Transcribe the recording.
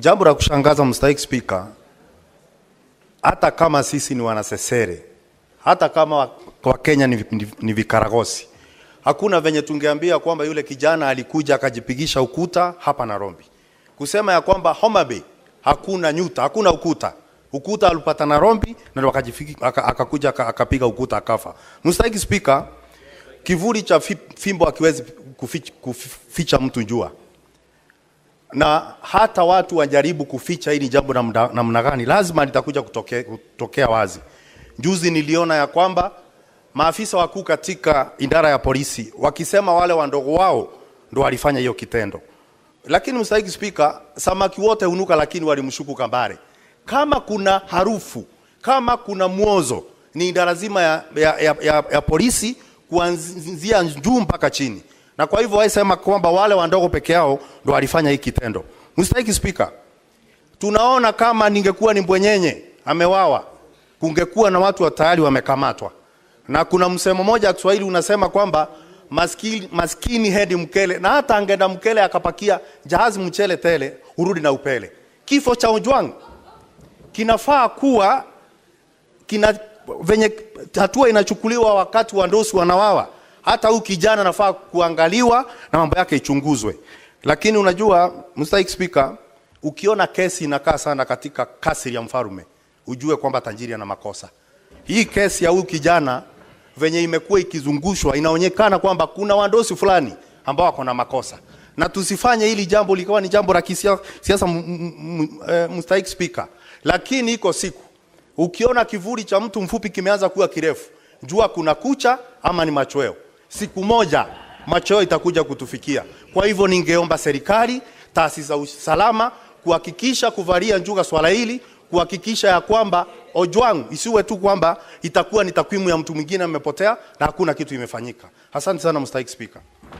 Jambo la kushangaza mstahiki Spika, hata kama sisi ni wanasesere, hata kama Wakenya ni, ni, ni vikaragosi, hakuna venye tungeambia kwamba yule kijana alikuja akajipigisha ukuta hapa Nairobi, kusema ya kwamba Homa Bay hakuna nyuta, hakuna ukuta. Ukuta alipata Nairobi na akakuja akapiga ukuta akafa. Mstahiki Spika, kivuli cha fimbo hakiwezi kuficha mtu jua na hata watu wajaribu kuficha hili jambo namna gani, lazima litakuja kutoke, kutokea wazi. Juzi niliona ya kwamba maafisa wakuu katika idara ya polisi wakisema wale wandogo wao ndo walifanya hiyo kitendo, lakini mstahiki Spika, samaki wote hunuka, lakini walimshuku Kambare. Kama kuna harufu, kama kuna mwozo, ni idara zima ya, ya, ya, ya, ya polisi kuanzia juu mpaka chini na kwa hivyo sema kwamba wale wandogo peke yao ndo walifanya hiki kitendo. Mstahiki Spika, tunaona kama ningekuwa ni mbwenyenye amewawa, kungekuwa na watu wa tayari wamekamatwa, na kuna msemo mmoja wa Kiswahili unasema kwamba maskini, maskini hedi mkele, na hata angeenda mkele akapakia jahazi mchele tele, urudi na upele. Kifo cha Ojwang kinafaa kuwa kina venye hatua inachukuliwa wakati wandosi wanawawa hata huyu kijana anafaa kuangaliwa na mambo yake ichunguzwe. Lakini unajua Mr. Speaker, ukiona kesi inakaa sana katika kasri ya mfarume ujue kwamba tajiri ana makosa. Hii kesi ya huyu kijana venye imekuwa ikizungushwa, inaonekana kwamba kuna wandosi fulani ambao wako na makosa, na tusifanye hili jambo likawa ni jambo la kisiasa, mstahiki eh, spika. Lakini iko siku ukiona kivuli cha mtu mfupi kimeanza kuwa kirefu, jua kuna kucha ama ni machweo siku moja machweo itakuja kutufikia. Kwa hivyo, ningeomba serikali, taasisi za usalama kuhakikisha kuvalia njuga swala hili, kuhakikisha ya kwamba Ojwang isiwe tu kwamba itakuwa ni takwimu ya mtu mwingine amepotea na hakuna kitu imefanyika. Asante sana mstahiki Spika.